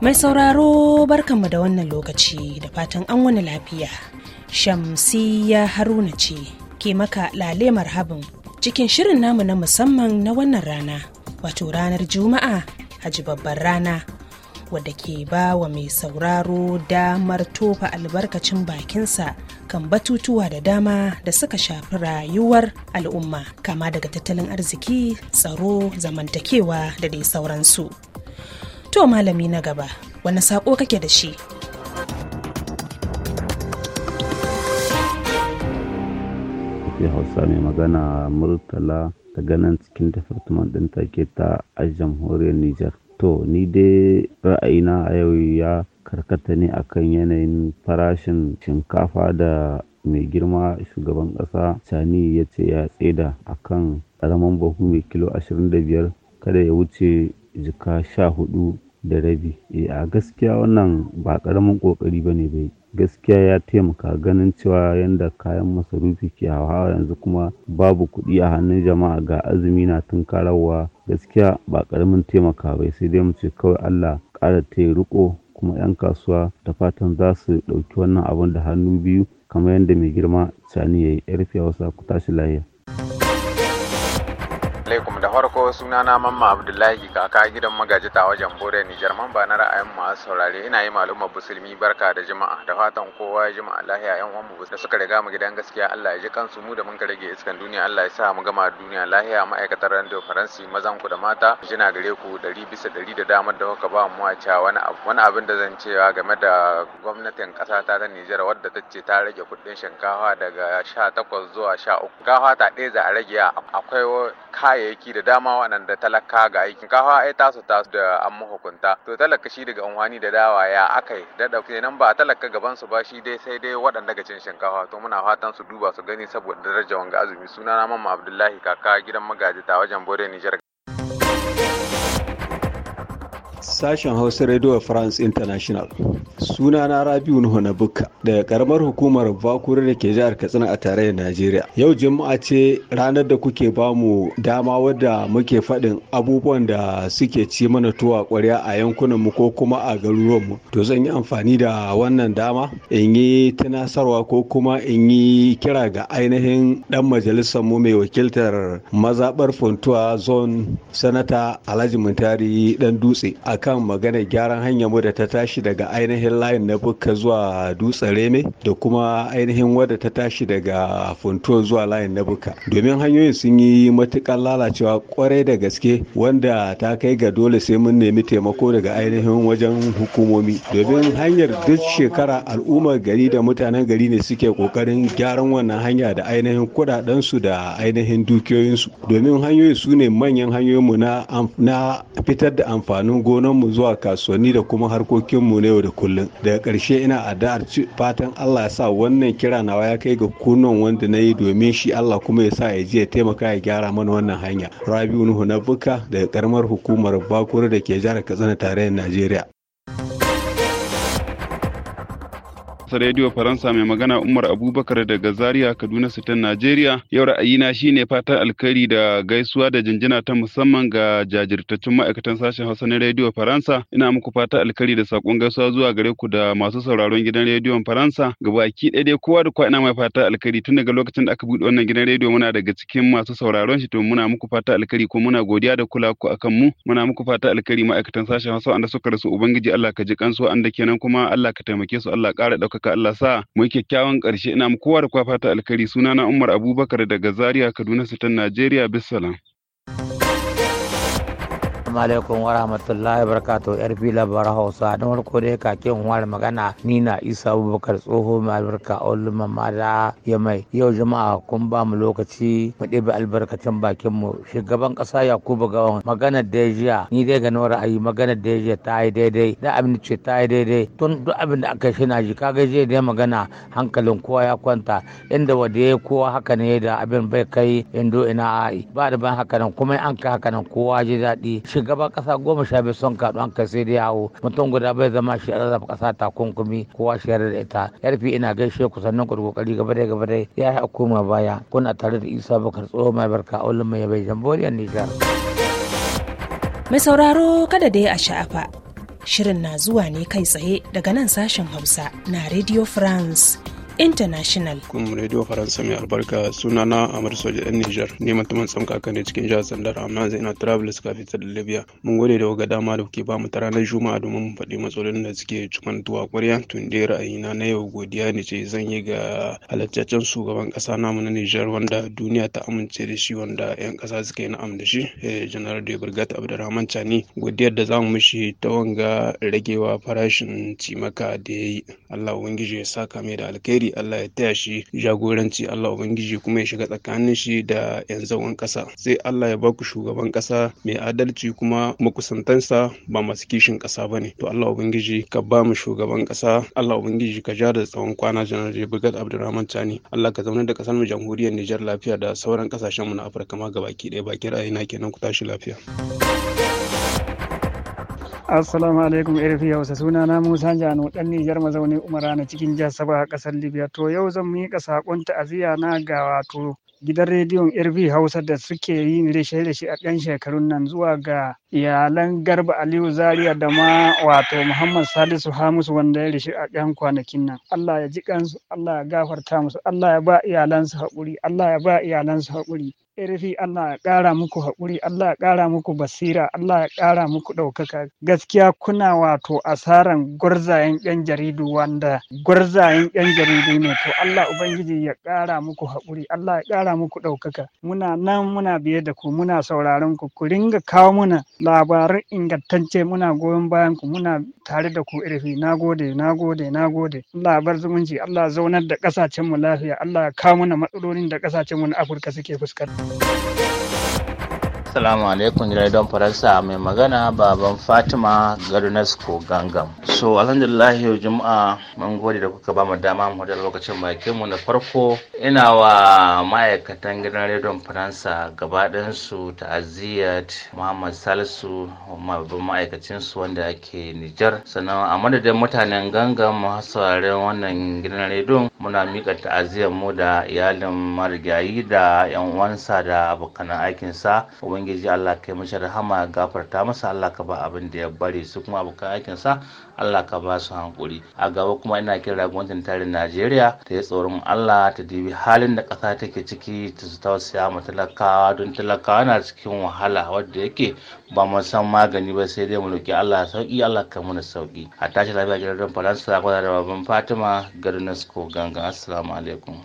Mai sauraro barkanmu da wannan lokaci da fatan an wani lafiya. Shamsiya Haruna ce ke maka lale marhabin cikin shirin namu na musamman na wannan rana, wato ranar Juma'a, haji babbar rana, wadda ke ba wa mai sauraro damar tofa albarkacin bakinsa kan batutuwa da dama da suka shafi rayuwar al'umma, kama daga tattalin arziki, tsaro, zamantakewa da dai sauransu. To malami na gaba, wani saƙo kake da shi? Mafi Hausa mai magana Murtala daga ganin cikin department ɗin take ta a jamhuriyar Nijar. To, ni dai ra'ayina a yau ya karkata ne akan yanayin farashin shinkafa da mai girma shugaban ƙasa Sani ya ce ya tseda kan ƙaramin buhu mai kilo 25 kada ya wuce jika hudu. da rabi eh, a gaskiya wannan ba ƙaramin ƙoƙari ba ne bai gaskiya ya taimaka ganin cewa yadda kayan masarufi ke hawa yanzu kuma babu kuɗi a hannun jama'a ga azumi na tunkararwa gaskiya ba karamin taimaka bai sai dai mu ce kawai allah ƙara ta riko kuma 'yan kasuwa da fatan za su ɗauki wannan abin da hannu biyu kamar yadda mai girma sani ya yi rufe wasa ku tashi lahiya alaikum da farko na mamma abdullahi kaka gidan magaji ta wajen bore nijar man ba na ra'ayin masu saurare ina yi malumar musulmi barka da jima'a da fatan kowa ya jima'a lahiya yan uwan da suka riga mu gidan gaskiya Allah ya ji kansu mu da mun ka rage iskan duniya Allah ya sa mu gama duniya lahiya ma'aikatar radio faransi mazan ku da mata jina gare ku ɗari bisa ɗari da damar da kuka ba mu wace wani abu wani abin da zan cewa game da gwamnatin ƙasa ta ta Nijar wadda ta ce ta rage kuɗin shinkafa daga 18 zuwa 13 gafa ta ɗaya za a rage akwai kayayyaki da dama waɗanda talaka ga aikin kafa ai tasu tasu da an mahukunta to talaka shi daga unwani da dawa ya akai daɗa nan ba a talaka gaban su ba shi dai sai dai waɗanda ga cin shinkafa to muna fatan su duba su gani saboda daraja wanga azumi suna na mamma abdullahi kaka gidan magaji ta wajen bore nijar Sashen Hausa Radio France International. Sunana Rabiu Nuhu na Bukka. daga karamar hukumar bakure da ke jihar katsina a tarayyar najeriya yau juma'a ce ranar da kuke bamu dama wadda muke faɗin abubuwan da suke ci mana tuwa ƙwarya a yankunan mu ko kuma a garuruwan mu to zan yi amfani da wannan dama in yi tunasarwa ko kuma in yi kira ga ainihin dan majalisar mu mai wakiltar Mazabar funtuwa zone sanata alhaji mutari dan dutse akan maganar gyaran hanyar mu da ta tashi daga ainihin layin na bukka zuwa dutsen reme da kuma ainihin wadda ta tashi daga funtuwa zuwa layin na buka domin hanyoyin sun yi matukar lalacewa kwarai da gaske wanda ta kai ga dole sai mun nemi taimako daga ainihin wajen hukumomi domin hanyar duk shekara al'ummar gari da mutanen gari ne suke kokarin gyaran wannan hanya da ainihin kuɗaɗensu da ainihin dukiyoyinsu domin hanyoyi su ne manyan hanyoyinmu na fitar da amfanin mu zuwa kasuwanni da kuma harkokinmu na yau da kullum daga karshe ina addu'ar fatan allah ya sa wannan kira nawa ya kai ga kunan wanda na yi domin shi allah kuma ya sa ya je ya taimaka ya gyara mana wannan hanya rabiu nuhu na buka daga karamar hukumar bakure da ke jihar katsina tarayyar najeriya Radio Faransa mai magana Umar Abubakar daga Zaria Kaduna Sitan Najeriya. Yau ra'ayina shine fatan alkhairi da gaisuwa da jinjina ta musamman ga jajirtaccen ma'aikatan sashen Hausa na Radio Faransa. Ina muku fatan alkhairi da sakon gaisuwa zuwa gare ku da masu sauraron gidan rediyon Faransa. Gabaki ɗaya dai kowa da kowa ina mai fatan alkhairi tun daga lokacin da aka buɗe wannan gidan rediyo muna daga cikin masu sauraron shi to muna muku fatan alkhairi ko muna godiya da kula ku akan mu. Muna muku fatan alkhairi ma'aikatan sashen Hausa suka rasu Ubangiji Allah ka ji kansu an da kenan kuma Allah ka taimake su Allah ƙara ɗaukaka Allah sa mu kyakkyawan ƙarshe ina mu kowa da kwafata alkari sunana Umar Abubakar daga Zaria Kaduna Sitan Najeriya bisalam Assalamu alaikum wa rahmatullahi wa barakatu yar fila bara Hausa don farko dai kakin war magana ni na Isa Abubakar tsoho mai albarka Olu Mamada ya mai yau jama'a kun ba mu lokaci mu ɗebe albarkacin bakin mu shugaban kasa Yakubu Gawan magana da jiya ni dai ga ayi magana da jiya ta yi daidai da abin da ce ta yi daidai tun duk abin da aka shina ji kaga je da magana hankalin kowa ya kwanta inda wanda ya kowa haka ne da abin bai kai indo ina ba da ban haka nan kuma an ka haka nan kowa ji daɗi shugaba kasa goma sha biyu son kaɗu an kai sai dai yawo mutum guda bai zama shi a zafi kasa takunkumi kowa shi da ita yarfi ina gaishe ku sannan ku da kokari gaba da gaba da ya yi koma baya kuna tare da isa bakar tsoro mai barka a ulun mai bai jamboriyar nijar. mai sauraro kada da ya a sha'afa shirin na zuwa ne kai tsaye daga nan sashen hausa na radio france international kun radio faransa mai albarka sunana amar soja dan niger ne mutumin tsamkaka ne cikin jihar sandar amma zai na travelers da libya mun gode da waga dama da kuke ba mu ta ranar juma'a domin mu faɗi matsalolin da suke cikin tuwa ƙwarya tun dai ra'ayina na yau godiya ne ce zan yi ga halattaccen shugaban ƙasa namu na niger wanda duniya ta amince da shi wanda 'yan ƙasa suka yi na'am da shi janar eh, da birgat abdurrahman chani godiyar da za mu mishi ta wanga ragewa farashin cimaka da ya yi allah ubangiji ya saka mai da alkhairi alheri allah ya taya shi jagoranci allah ubangiji kuma ya shiga tsakanin shi da yan zawon kasa sai allah ya baku shugaban kasa mai adalci kuma makusantansa ba masu kishin kasa ba ne to allah ubangiji ka ba mu shugaban kasa allah ubangiji ka ja da tsawon kwana janar brigad abdulrahman tani allah ka zauna da kasar mu jamhuriyar nijar lafiya da sauran kasashen mu na afirka ma gabaki ɗaya baki ra'ayi na kenan ku tashi lafiya. Assalamu alaikum irfi Hausa suna na Musa Jano dan Nijar mazaunin Umara na cikin jihar Saba a kasar Libya to yau zan mika sakon ta'aziyya na ga wato gidan rediyon irfi Hausa da suke yi rishe rishe a ɗan shekarun nan zuwa ga iyalan Garba Aliyu Zaria da ma wato Muhammad Salisu Hamisu wanda ya rishe a ɗan kwanakin nan Allah ya ji kansu Allah ya gafarta musu Allah ya ba iyalansu haƙuri Allah ya ba iyalansu haƙuri irfi Allah ya ƙara muku haƙuri Allah ya ƙara muku basira Allah ya ƙara muku ɗaukaka gaskiya kuna wato asaran gwarzayen yan jaridu wanda gwarzayen yan jaridu ne to Allah ubangiji ya ƙara muku haƙuri Allah ya ƙara muku ɗaukaka muna nan muna biye da ku muna sauraron ku ku ringa kawo muna labaran ingantacce muna goyon bayan ku muna tare da ku irfi gode, na gode. Allah ya bar zumunci Allah ya zaunar da ƙasashenmu lafiya Allah ya kawo muna matsalolin da ƙasashen na Afirka suke fuskanta Thank you. Assalamu alaikum gidan Faransa mai magana baban Fatima Garunasko Gangam. So alhamdulillah yau Juma'a mun gode da kuka bamu dama mu da lokacin bakin mu na farko ina wa ma'aikatan gidan rediyon Faransa gaba su ta'aziyyat Muhammad Salisu babban ma'aikacin su wanda ke Nijar sannan a madadin mutanen Gangam sauraren wannan gidan rediyon muna mika ta'aziyyar mu da iyalin marigayi da 'yan uwansa da abokan aikinsa. sa ubangiji Allah kai mashi rahama gafarta masa Allah ka ba abin da ya bare su kuma abokan aikin sa Allah ka ba su hankuri a gaba kuma ina kira gwamnatin tarin Najeriya ta yi tsoron Allah ta dibi halin da ƙasa take ciki ta su tausaya ma talakawa don talakawa na cikin wahala wadda yake ba mu san magani ba sai dai mu roki Allah sauki Allah ka mana sauki a tashi lafiya gidan Faransa gwada da babban Fatima garin Nasko gangan assalamu alaikum.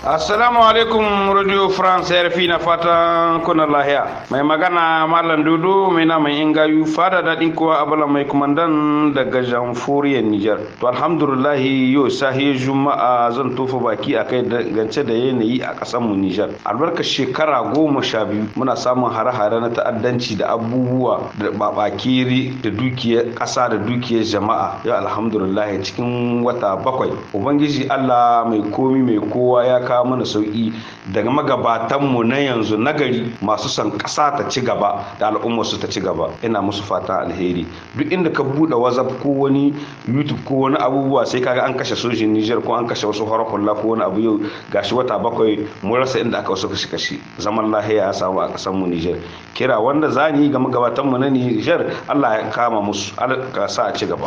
assalamu alaikum radio france rfi na fatan kuna lahiya mai magana malam dodo mai na mai ingayu fada daɗin kowa abala mai kumandan daga jamhuriyar niger to alhamdulillahi yau sahi juma'a zan tofa baki a kai gance da yanayi a ƙasar mu niger albarka shekara goma sha biyu muna samun hare-hare na ta'addanci da abubuwa da babakiri da dukiyar ƙasa da dukiyar jama'a yau alhamdulillah cikin wata bakwai ubangiji allah mai komi mai kowa ya kawo mana sauki daga magabatanmu na yanzu nagari masu son ƙasa ta ci gaba da al'ummar su ta ci gaba ina musu fata alheri duk inda ka buɗe whatsapp ko wani youtube ko wani abubuwa sai kaga an kashe sojin niger ko an kashe wasu harakulla ko wani abu yau gashi wata bakwai mun rasa inda aka wasu kashi kashi zaman lahiya ya samu a ƙasarmu mu niger kira wanda zani ga magabatanmu na niger allah ya kama musu ka a ci gaba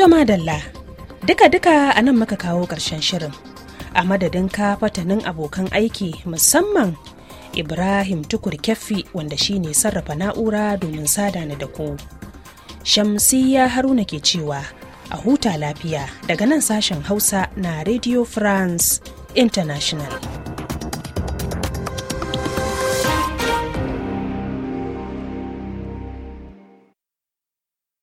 Toma Dalla, duka-duka a nan muka kawo ƙarshen shirin. A madadin ka fatanin abokan aiki musamman Ibrahim Tukur Keffi wanda shi ne sarrafa na'ura domin sada ni da ku. Shamsiyya Haruna ke cewa a huta lafiya daga nan sashen Hausa na Radio France International.